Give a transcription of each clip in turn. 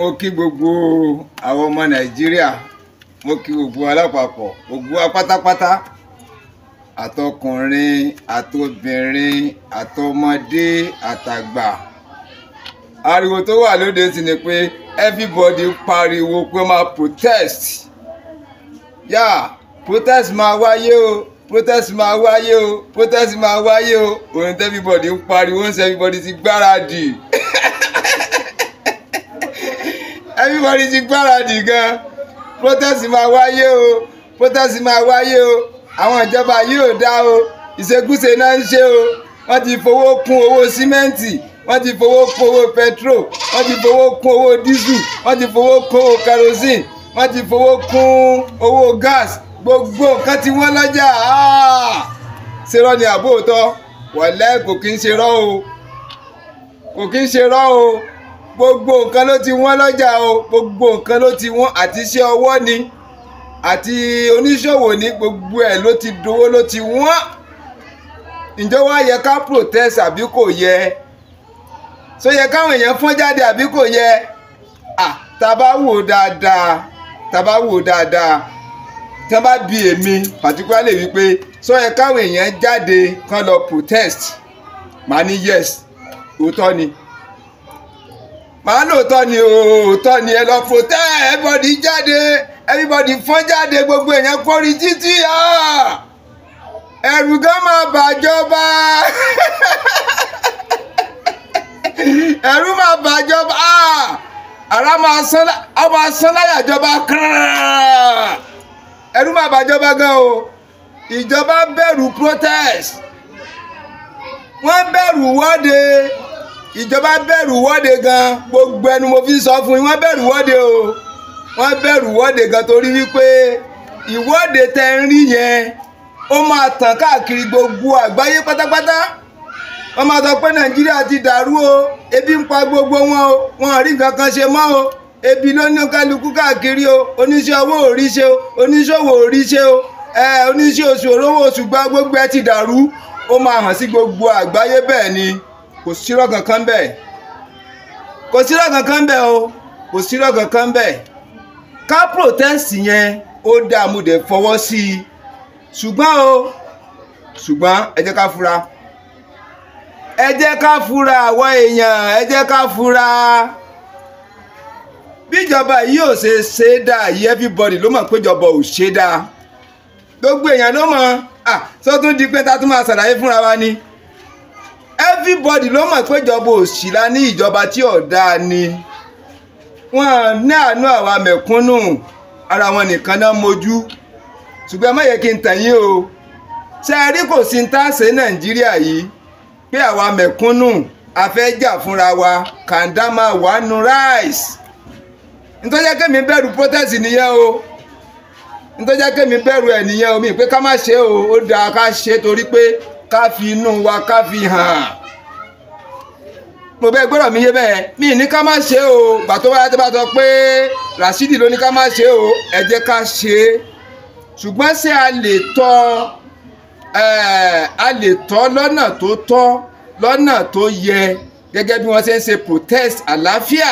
mo kí gbogbo àwọn ọmọ nàìjíríà mo kí gbogbo alápapọ̀ gbogbo apátápátá àtọkùnrin àtobìnrin àtọmọdé àtàgbà ariwo tó wà lóde sí ni pé everybody pariwo pé máa protest yá yeah, protest máa wáyé o protest máa wáyé o protest máa wáyé o òun tẹ́bíbọ̀dì ń pariwo ń sẹ́bíbọ̀dì ti gbáradì. everybody ti gbáradì gan protest máa wáyé o protest máa wáyé o àwọn ìjọba yìí ò dá o ìṣekúṣe náà ń ṣe o wọ́n ti fowó kún owó símẹ́ǹtì wọ́n ti fowó kún owó petrol wọ́n ti fowó kún owó dísù wọ́n ti fowó kún owó kerosene wọ́n ti fowó kún owó gas gbogbo nǹkan tí wọ́n lọ́jà ah! ṣerọ́ ni àbóòtọ́ wọ̀lẹ́ kò kí ń ṣerọ́ o kò kí ń ṣerọ́ o gbogbo nǹkan ló ti wọ́n lọ́jà o gbogbo nǹkan ló ti wọ́n àti iṣẹ́ ọwọ́ ni àti oníṣòwò ní gbogbo ẹ̀ ló ti dowó ló ti wọ́n ǹjọ́ wá yẹ ká protest àbí kò yẹ so yẹ káwọn èèyàn fọ́n jáde àbí kò yẹ ah tàbá wò dáadáa tàbá wò dáadáa tí wọ́n bá bi èmi particularly wípé so yẹ káwọn èèyàn jáde kán lọ protest màá ní yes òótọ́ ni. màá lóòótọ́ ni òótọ́ ni ẹ lọ protect everybody jáde everybody fọ́n jáde gbogbo èèyàn kórìí títí ẹ̀rù gan máa bàjọba ẹ̀rù máa bàjọba ara máa sán láyàjọba kàn ẹ̀rù máa bàjọba gan o ìjọba bẹ̀rù protest wọ́n bẹ̀rù wọ́de. ìjọba bẹ̀rù wọ́de gan gbogbo ẹnu mo fi sọ fún yín wọ́n bẹ̀rù wọ́de o wọ́n bẹ̀rù wọ́de gan torí wípé ìwọ́de tẹ ń rí yẹn ó máa tàn káàkiri gbogbo àgbáyé pátápátá wọ́n máa sọ pé nàìjíríà ti dàrú o ebi ń pa gbogbo wọn o wọn rí nǹkan kan ṣe mọ́ o ebi ló ní kálukú káàkiri o oníṣẹ́ owó ò rí ṣe o oníṣòwò ò rí ṣe o oníṣẹ́ oṣù òrówó oṣù gba gbogbo ẹ ti dàrú ó máa hàn sí gbogbo àgbáyé bẹ́ẹ̀ ni. kò sírọ́ kankan bẹ́ẹ̀ kò sírọ́ kankan bẹ́ẹ̀ o kò sírọ́ kankan bẹ́ẹ̀ ká protest yẹn ó dáa mo dẹ̀ fọwọ́ sí i ṣùgbọ́n o ṣùgbọ́n ẹ jẹ́ ká fura ẹ jẹ́ ká fura àwa èèyàn ẹ jẹ́ ká fura bíjọba yìí ò ṣe ṣe é dáa yìí everybody ló mọ̀ péjọba ò ṣe é dáa gbogbo èèyàn ló mọ̀ ah sọ́tún di pé tá a tún máa ṣàlàyé fúnra wa ni everybody ló mọ̀ pé ìjọba òṣìlá ní ìjọba tí ọ̀dà ni wọ́n ní àánú àwa mẹ̀kúnnù ara wọn nìkan náà mojú ṣùgbọ́n má yẹ kí n tàn yín o ṣe é rí kò sí ń tá ṣe nàìjíríà yìí pé àwa mẹ̀kúnnù a fẹ́ jà fúnra wa kàńdámà wánu rice nítorí kémi bẹ̀rù protest nìyẹn o nítorí kémi bẹ̀rù ẹ̀ nìyẹn o mi pé ká má ṣe o ó dáa ká ṣe torí pé ká fi inú wa ká fi hàn mo bẹ gbọ́dọ̀ mi yé bẹ́ẹ̀ mi ní ká má ṣe o bàtọ wáyà tó bá sọ pé Rasidi ló ní ká má ṣe o ẹ jẹ́ ká ṣe é ṣùgbọ́n ṣé a lè tọ́ a lè tọ́ lọ́nà tó tọ́ lọ́nà tó yẹ gẹ́gẹ́ bí wọ́n ṣe ń ṣe protest àlàáfíà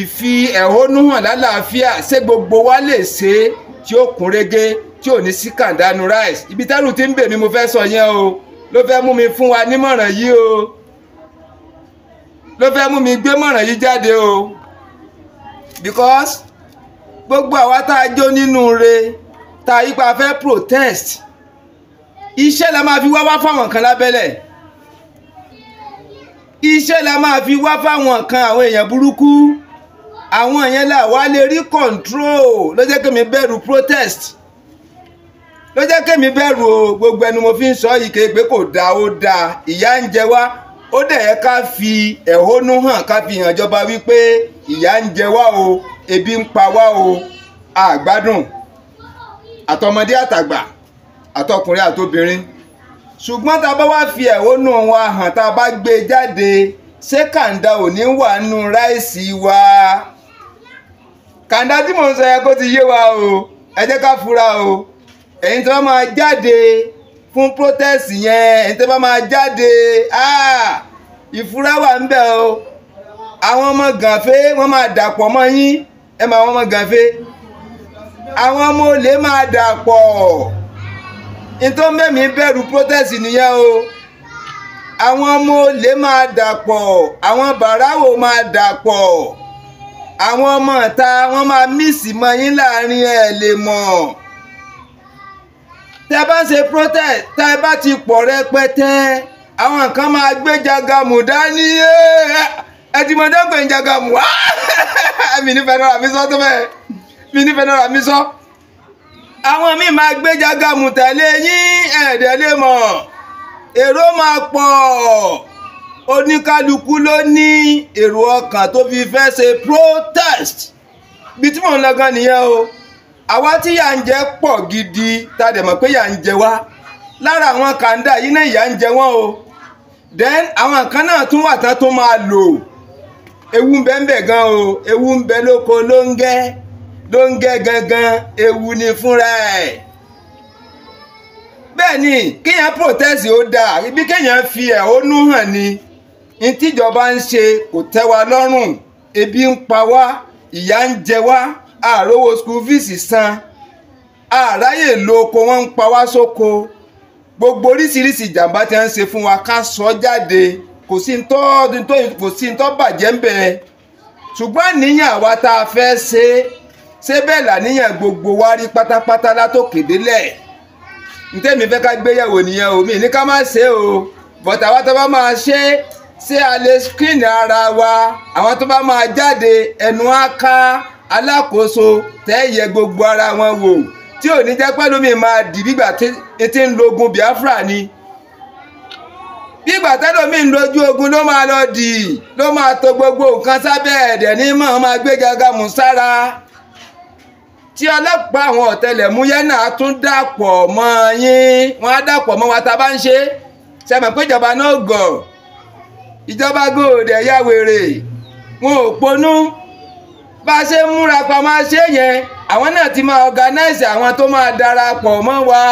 ìfi ẹ̀hónú hàn lálàáfíà ṣé gbogbo wa lè ṣe tí ó kún régé tí ò ní sí kàndánù rice ibi tẹ́rù ti ń bè mí mo fẹ́ sọ yẹn o ló fẹ́ mú mi fún wa nímọ̀ràn yìí o ló fẹ́ mú mi gbé mọ̀ràn yìí jáde o because gbogbo àwa tá a jó nínú re tá a fẹ́ protest iṣẹ́ la máa fi wá wá fáwọn kan lábẹ́lẹ̀ iṣẹ́ la máa fi wá fáwọn kan àwọn èèyàn burúkú àwọn yẹn là wá lè rí control ló jẹ́ kí mi bẹ̀rù protest ló jẹ́ kémi bẹ̀rù o gbogbo ẹnu mo fi ń sọ yìí kéé pé kò dáa ó dáa ìyà ń jẹ wá ó dẹ̀ yẹ ká fi ẹ̀hónú hàn ká fi hàn jọba wípé ìyà ń jẹ wá o ebi ń pa wá o àgbádùn àtọmọdé àtàgbà àtọkùnrin àtobìnrin ṣùgbọ́n tá a bá wá fi ẹ̀hónú wa hàn tá a bá gbé e jáde ṣé kàńdà ò ní wà nù ráìsì wa kàńdà tí mò ń sọ yẹ kó ti yé wa o ẹ jẹ́ ká fura o. ẹ̀yin tí wọ́n máa jáde fún protest yẹn ẹ̀yin tí wọ́n máa jáde ah, ìfura wà ń bẹ̀ o àwọn ọmọ gànfẹ́ wọ́n máa dàpọ̀ mọ́ yín ẹ máa wọ́n ọmọ gànfẹ́ àwọn ọmọ olè máa dàpọ̀ nítorí mẹ́mí bẹ̀rù protest nìyẹn o àwọn ọmọ olè máa dàpọ̀ àwọn bàráwò máa dàpọ̀ àwọn ọmọ ìta wọ́n máa mísì mọ. yín láàrin ẹ̀ lè mọ̀. tẹ́ bá ń ṣe protest tẹ́ bá ti pọ̀ rẹpẹtẹ àwọn kan máa gbé jagamu dání ẹ ti mọ dẹ́gbẹ̀ẹ́ jagamu wá mi ní fẹ́ràn àmì sọ tó mi ní fẹ́ràn àmì sọ. àwọn míì máa gbé jagamu tẹ̀lé yín ẹ̀ẹ́dẹ̀ lè mọ̀ èrò máa pọ̀ oníkálukú ló ní èrò ọkàn tó fi fẹ́ ṣe protest bí tí mò ń lọ gan nìyẹn o. àwa tí yà ń jẹ pọ̀ gidi tá a dẹ̀ mọ̀ pé yà ń jẹ wá lára àwọn kàńdà yìí náà ń jẹ o then àwọn kan náà tún wà tán tó máa lò ewu ń bẹ ń bẹ gan o ewu ń bẹ lóko ló ń gẹ́ ló ń gangan ewu ni fúnra ẹ̀ bẹ́ẹ̀ ni kéèyàn protest ó dáa ibi kéèyàn fi ẹ̀hónú hàn ni ní tíjọba ń ṣe kò tẹ́ wa ebi ń pa wá ìyà ń jẹ àrówó school fees san àráyè lo oko wọn ń pa wá sóko gbogbo oríṣiríṣi ìjàmbá tí wọ́n ń ṣe fún wa ká sọ jáde kò sí ń tọ́ kò sí ń tọ́ bàjẹ́ ń bẹ̀ ṣùgbọ́n níyàn àwa tá a fẹ́ ṣe é ṣé bẹ́ẹ̀ làníyàn gbogbo wa rí pátápátá látòkè délẹ̀ ntẹ́mi fẹ́ ká gbéyàwó nìyẹn o mi ní ká má ṣe o bọ̀tà wa tó bá máa ṣe ṣé a lè screen ara wa àwọn tó bá máa jáde ẹnu á ká alákòóso tẹ́ yẹ gbogbo ara wọn wò tí ò ní jẹ́ pẹ́ lómi máa dì bígbà tí ń lógun Biafra ni bígbà tẹ́lómi ń lójú ogun ló máa lọ dì ló máa tò gbogbo nǹkan sábẹ́ ẹ̀dẹ̀ ní mọ̀ máa gbé gàgà mú sára tí ọlọ́pàá àwọn ọ̀tẹlẹ̀múyẹ́ náà tún dàpọ̀ mọ́ yín wọ́n á dàpọ̀ mọ́ wa tá a bá ń ṣe sẹ́mi pé ìjọba náà gọ̀ ìjọba gòdè yá wèrè wọn ò ponú bá a ṣe ń múra pa máa ṣe yẹn àwọn náà ti máa organize àwọn tó máa darapọ̀ mọ́ wa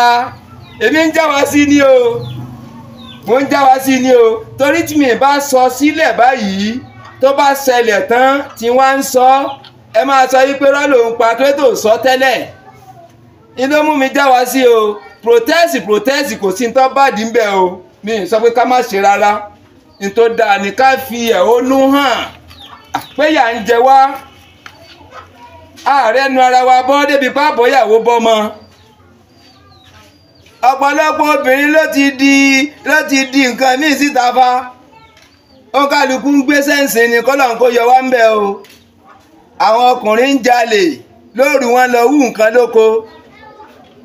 èmi ń já wa sí ni o mo ń já wa sí ni o torí tí mi bá sọ sílẹ̀ báyìí tó bá ṣẹlẹ̀ tán tí wọ́n ń sọ ẹ máa sọ yí pé rọ́ọ̀lù ń pa pé tó sọ tẹ́lẹ̀ inú mú mi já wa sí o protest protest kò sí ní tó bá dín o mi ì sọ pé ká má ṣe rárá ní dáa ní ká fi ẹ̀hónú hàn pé ń jẹ wá ààrẹ nu ara wa bọ́ débi pábọ́yàwó bọ́mọ ọ̀pọ̀lọpọ̀ obìnrin ló ti di ló ti di nǹkan míì síta fa ó kálukú ń gbé sẹ́ǹsì ni kọ́lọ̀ kó yọ wá ń bẹ̀ o àwọn ọkùnrin ń jalè lóru wọn lọ wú nǹkan lóko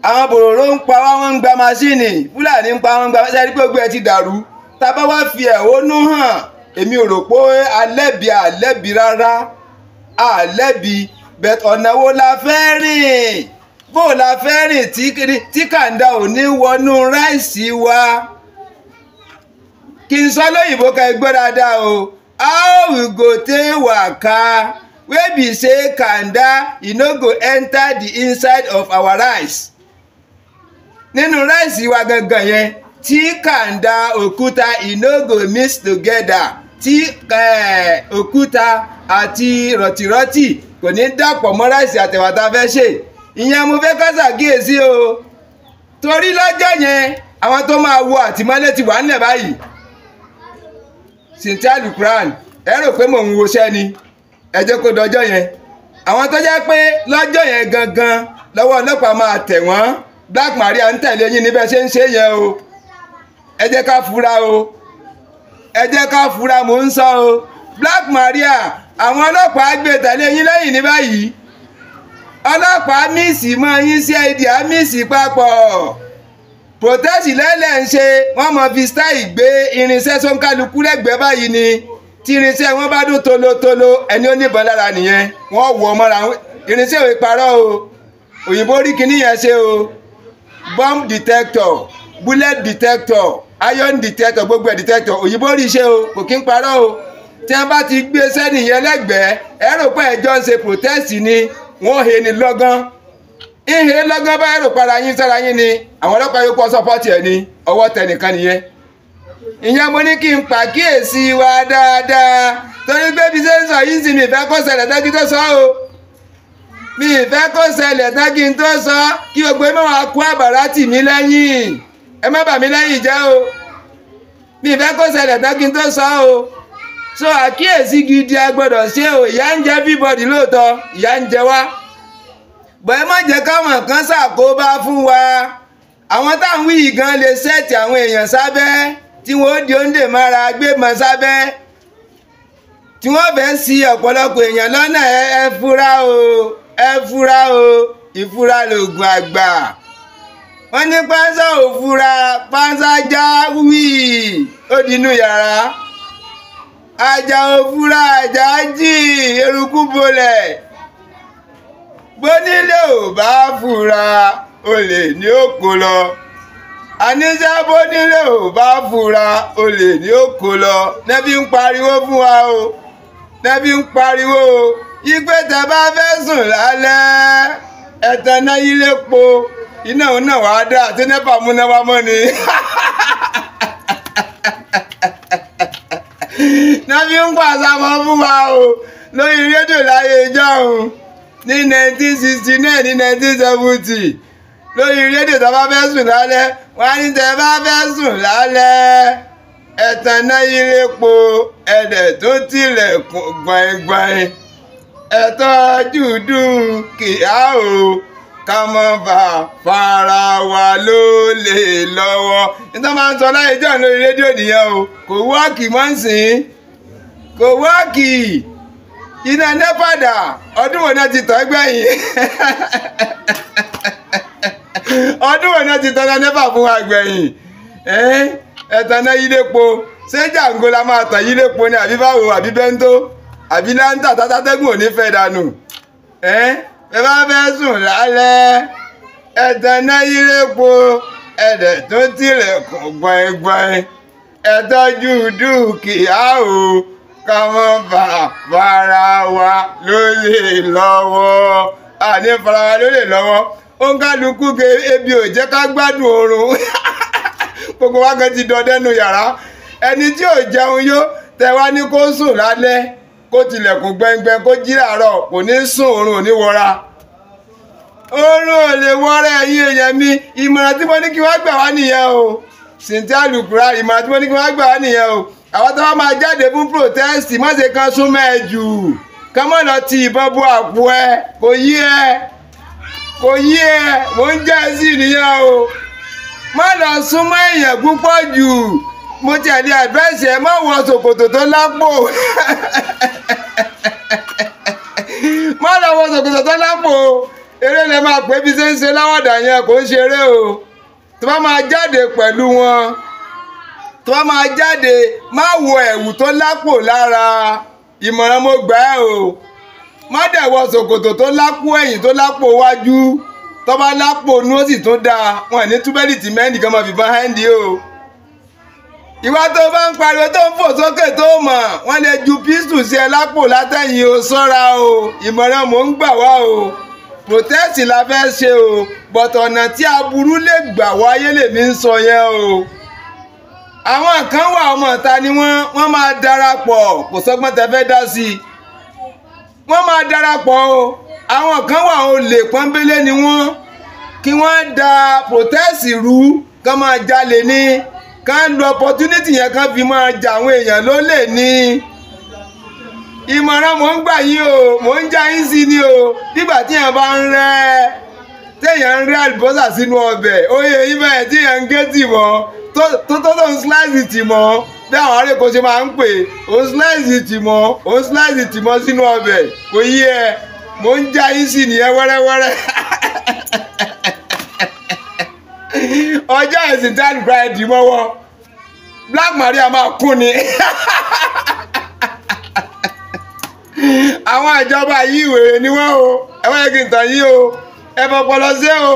àwọn bòròró ń pa wá wọn ń gba masíìnì fúlàní ń pa wọn ń gba masíìnì sẹ́ni pé gbogbo ẹ ti dàrú tá a bá wá fi ẹ̀hónú hàn èmi ò rò pé alẹ́bi alẹ́bi rárá alẹ́bi. bẹ́ẹ̀ ọ̀nà wo la fẹ́ rìn bó la fẹ́ rìn tí kàńdà ò ní wọnú ráìsì wa kí n sọ lóyìnbó ká ẹ gbọ́ dáadáa o how we go take waka wey be say kàńdà e no go enter the inside of our rice nínú ráìsì wa gangan yẹn tí kàńdà òkúta e no go mix together tí eh, òkúta àti rọ̀tìrọ̀tì kò ní dàpọ̀ mọ́ ráìsì àtẹ̀wà tá a fẹ́ ṣe ìyẹn mo fẹ́ ká ṣàkíyèsí o torí lọ́jọ́ yẹn àwọn tó máa wo àtìmọ́lé ti wà nílẹ̀ báyìí cynthia lukran ẹ rò pé mò ń woṣẹ́ ni ẹ jẹ́ kó dọjọ́ yẹn àwọn tó jẹ́ pé lọ́jọ́ yẹn gangan lọ́wọ́ ọlọ́pàá máa tẹ̀ wọ́n black maria ń tẹ̀lé yín níbẹ̀ ṣe ń ṣe yẹn o ẹ jẹ́ ká fura o ẹ jẹ́ ká fura mò ń sọ o black maria àwọn ọlọ́pàá gbé tẹ̀lé yín lẹ́yìn ní báyìí ọlọ́pàá míìsì mọ yín sí ẹ̀dì àmíìsì papọ̀ protest lẹ́lẹ̀ ń ṣe wọ́n mọ fi style gbé irinṣẹ́ sọ́nkálukú lẹ́gbẹ̀ẹ́ báyìí ni tí irinṣẹ́ wọn bá dún tolótoló ẹni ó níbọn lára nìyẹn wọ́n wọ̀ ọ́ mọ́ra irinṣẹ́ òwe parọ́ o òyìnbó rí kinní yẹn ṣe o bomb detector bullet detector iron detector gbogbo ẹ̀ detector òyìnbó rí ṣe o kò kí ń parọ́ o. tí wọ́n bá ti gbé e sẹ́niyẹn lẹ́gbẹ̀ẹ́ ẹ̀rọ ẹ̀jọ́ ń ṣe protest ni wọ́n he ni lọ́gán ìhe lọ́gán bá ẹ̀rọ para yín sára yín ni àwọn ọlọ́pàá yóò kọ́ sọ́pọ́tì ẹ̀ ni ọwọ́ tẹnìkan nìyẹn ìyẹn mo ní kí n pàkíyèsí wa dáadáa torí pé bí ṣe ń sọ yìí mi ìfẹ́ kó ṣẹlẹ̀ tán o mi ìfẹ́ kó ṣẹlẹ̀ tán kí n tó sọ kí gbogbo ẹ àbàrà tì mí lẹ́yìn ẹ má o mi ìfẹ́ kó ṣẹlẹ̀ tán o. so àkíyèsí gidi a gbọ́dọ̀ ṣe o ìyà ń jẹ everybody lóòótọ́ ìyà ń jẹ wá bọ̀ ẹ má jẹ́ káwọn kan ṣàkóbá fún wa àwọn táwọn wíyì gan lè ṣẹ́ẹ̀tì àwọn èèyàn sábẹ́ tí wọ́n di oúnjẹ mára gbé sábẹ́ tí wọ́n bẹ̀ ń si ọ̀pọ̀lọpọ̀ èèyàn lọ́nà ẹ fura o ẹ fura o ìfura lògùn àgbà wọ́n ní pàṣẹ òfura pàṣẹ ajá wíì ó di inú yàrá àjàò fúra àjà jì eruku bolẹ̀ gbónílé ò bá fura olè ní òkò lọ àníṣe bónílé ò bá fura olè ní òkò lọ nẹ́bí ń pariwo fún wa o nẹ́bí ń pariwo o ìgbé tẹ bá fẹ́ sùn lálẹ́ ẹ̀tàn náà yílé po iná òun náà wàá dá àti nẹ́pà múná wa mọ́ ni. na fi ń pàṣàmọ́ fún wa o lórí rédíò láyé ní 1969 ní 1970 lórí rédíò tó bá fẹ́ sùn lálẹ́ wọ́n á ní tẹ́ bá fẹ́ sùn lálẹ́ ẹ̀tàn náà po ẹ̀dẹ̀ tó tilẹ̀ o. ká farawa bá fara wa lólè lọ́wọ́ níta máa ń sọ láyé jọ lórí rédíò nìyẹn o kò wáàkì mọ́ ń sìn kò wáàkì iná nẹ́pàdà ọdún wo náà ti tọ́ gbẹ̀yìn ọdún wo náà ti tọ́ nẹ́pà fún wa gbẹ̀yìn ẹ̀tàná yílépo ṣé jàǹgó la máa tàn yílépo ni àbí báwo àbí bẹ́ńtó àbí náà tátátẹ́gùn ò ní ẹ bá fẹ́ sùn lálẹ́ ẹ ẹ̀dẹ̀ tó tilẹ̀kùn gbọ̀ngbọ̀n ẹ tọ́jú dúkìá o ká mọ́ bàbára wa lólè lọ́wọ́ àní fara wa lólè lọ́wọ́ ó ń kálukú ebi ò jẹ́ ká gbádùn oorun gbogbo wa kan ti dọdẹ́nu yàrá ẹni tí ò kó tilẹ̀kùn gbẹngbẹ kó jí làárọ̀ kò ní sùn oorun ò ní wọra oorun ò lè wọra ẹ̀yin èèyàn mi ìmọ̀ràn tí mo ní kí wọ́n gbà wá nìyẹn o sìntẹ́ àlùkùrá ìmọ̀ràn tí mo ní kí wọ́n gbà wá nìyẹn o àwọn tó bá máa jáde fún protest má ṣe kan súnmọ́ ẹ jù kán mọ̀ lọ ti ìbọn bu àpò ẹ kò yí ẹ kò yí ẹ mò ń jẹ́ sí nìyẹn o má lọ súnmọ́ èèyàn púpọ̀ jù mo ti àdé àdváìsì ẹ má wọ ṣòkòtò tó lápò má lọ wọ ṣòkòtò tó lápò eré lè máa pè bí ṣe ń ṣe láwàdà yẹn kò ń ṣeré o tó bá máa jáde pẹ̀lú wọn tó bá máa jáde má wọ ẹ̀wù tó lápò lára ìmọ̀ràn mo gbà ẹ́ o má dẹ̀ wọ ṣòkòtò tó lápò ẹ̀yìn tó lápò wájú tó bá lápò nú ó sì tún dáa wọn ò ní túbẹ́lì tì mẹ́rin nìkan máa fi bá hẹ́ndì o ìwà tó bá ń pariwo tó ń fò sókè tó mọ̀ wọ́n lè ju pístù sí ẹ lápò látẹ̀yìn o sọ́ra o ìmọ̀ràn mò ń gbà wá o protest la fẹ́ ṣe o but ọ̀nà tí aburú lè gbà wáyé lèmi ń sọ yẹn o àwọn kan wà ọmọ ìta ni wọ́n wọ́n máa darapọ̀ kò sọ́gbọ́n tẹ fẹ́ dá sí i wọ́n máa darapọ̀ o àwọn kan wà olè pọ́nbélé ni wọ́n kí wọ́n da protest rú kán máa jalè ní. ká ń lo opportunity yẹn ká fi máa jà àwọn èèyàn lè ní ìmọ̀ràn mò ń gbà yín o mò ń já sí ni o nígbà tí èèyàn bá ń rẹ́ téèyàn ń rẹ́ àlùbọ́sà sínú ọbẹ̀ oyè yín bẹ́ẹ̀ tí èèyàn ń gé tì mọ́ tó tó tó ń slice tì mọ́ bí àwọn ṣe máa ń pè ó ọjọ́ ẹ̀sìn tá àlùkò ẹ̀dì mọ́wọ́ Black Maria máa kú ni àwọn ìjọba yìí wèrè ni wọ́n o ẹ wáyé kí n tàn yín o ẹ fọpọlọ sí o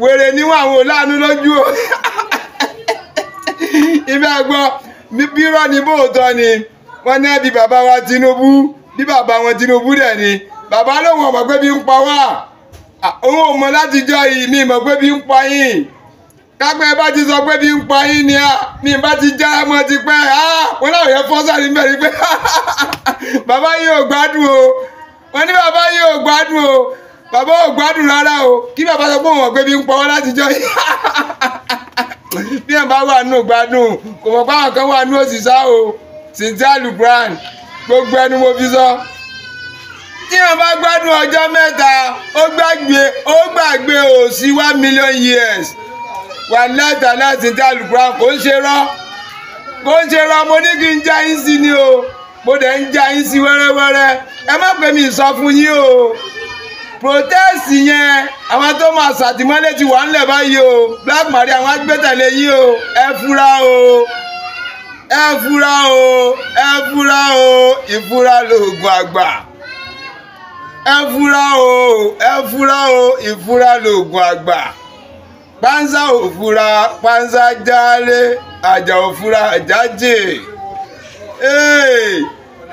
wèrè ni wọ́n àwọn olóàánú lójú o ibẹ̀ gbọ́ bírọ̀ ni bóòtọ́ ni wọ́n ní ẹbí bàbá wa Tinubu bí bàbá wọn Tinubu dẹ̀ ni bàbá lòun ọmọ ń pa wá. Ah, òun ò mọ láti jọ yìí mi mọ̀ pé bí ń pa yín kápẹ́ bá ti sọ pé bí ń pa yín ni a ah, ní bá ti já ọmọ ti pẹ́ ah, wọn náà yẹ fọ́sà ní mẹ́rin pé bàbá yìí ò gbádùn o wọn ní bàbá yìí ò gbádùn o bàbá ò gbádùn rárá o kí bàbá sọ pé òun ọ̀gbẹ́ bí ń pa wọn láti jọ yìí bí ẹ̀ wà nù gbádùn kò mọ̀ pé àwọn kan wà nù òṣìṣà o Cynthia Lubran gbogbo ẹnu mo fi sọ. tí wọn bá gbádùn ọjọ́ o ó gbàgbé ó gbàgbé òsì one million years wà láta láti dá àlùkùrá kò ń ṣe rọ kò ń ṣe mo ní kí n ni o mo dẹ̀ ń já yín sí wẹ́rẹ́wẹ́rẹ́ ẹ sọ fún yín o protest yẹn àwọn tó máa ṣàtìmọ́lé ti wà ńlẹ̀ báyìí o black maria àwọn agbẹ́tẹ̀lé o ẹ fura o ẹ o ẹ fura o ìfura lóògùn àgbà. ẹ fura o ẹ fura o ìfúra lògùn àgbà panza ò fura panza járe àjà òfúra fura àjà jè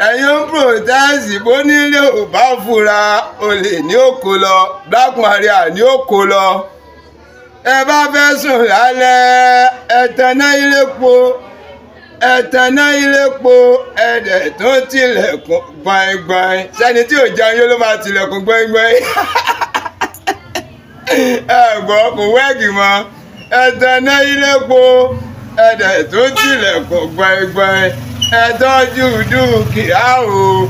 ẹ̀yin ó protest bó nílé ò bá fura olè ní òkò lọ black maria ní òkò lọ ẹ bá fẹ́ sùn lálẹ́ ẹ tẹná ilé po. ẹ̀tàná ilépo ẹ̀dẹ̀ tó tilẹ̀kùn gbọ̀ngbọ̀n Sani tí ò jẹun yóò ló máa tilẹ̀kùn gbọ̀ngbọ̀n ẹ̀gbọ́n kò wẹ́ẹ̀gì mọ́ ẹ̀tàná ilépo ẹ̀dẹ̀ tó tilẹ̀kùn dúkìá o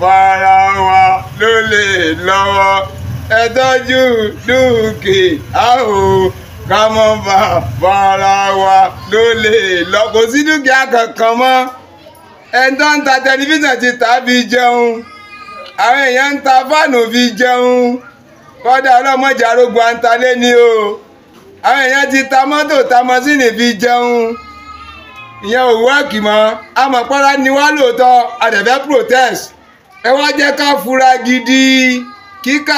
wa ló lè lọ́wọ́ ẹ̀tọ́jú ká mọ́ bá bọ́ra wa lólè lọ kò sí dúkìá kankan mọ́ ẹni tó ń ta tẹlifíṣàn ti tà fi jẹun àwọn èèyàn ń ta fáànù fi jẹun kọ́dà ọlọ́mọdé arógun antalé ni o àwọn èèyàn ti ta mọ́tò ta mọ́sínì fi jẹun ìyẹn ò wọ́ọ̀kì mọ́ amọ̀pára ni wá lóòótọ́ àdẹ̀fẹ́ protest ẹ wá jẹ́ ká fura gidi kíkà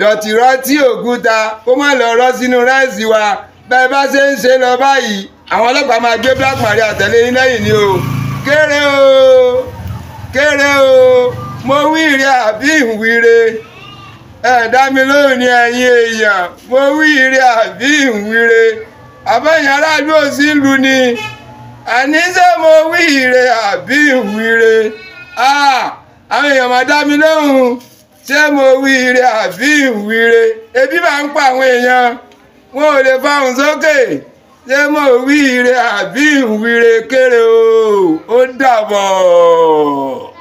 dọ̀tí rántí òkúta kó má lọ rọ́ sínú ráìsì wa bẹ́ẹ̀ bá ṣe ń ṣe lọ báyìí àwọn ọlọ́pàá máa gbé Black Maria tẹ̀lé yín lẹ́yìn ni o kéré o kéré o mo wíire àbí ìwíire ẹ dá mi lóhùn ní ẹ̀yin èèyàn mo wíire àbí ìwíire àbẹ̀yìn aráàlú òsì ń ni àní ṣé mo wíire àbí ìwíire àwọn èèyàn máa dá mi lóhùn ṣé mo wíire àbí ìwíire ebi máa ń pa àwọn èèyàn wọn ò lè fọhùn sókè ṣé mo wíire àbí ìwíire kéré o ó dàbọ̀.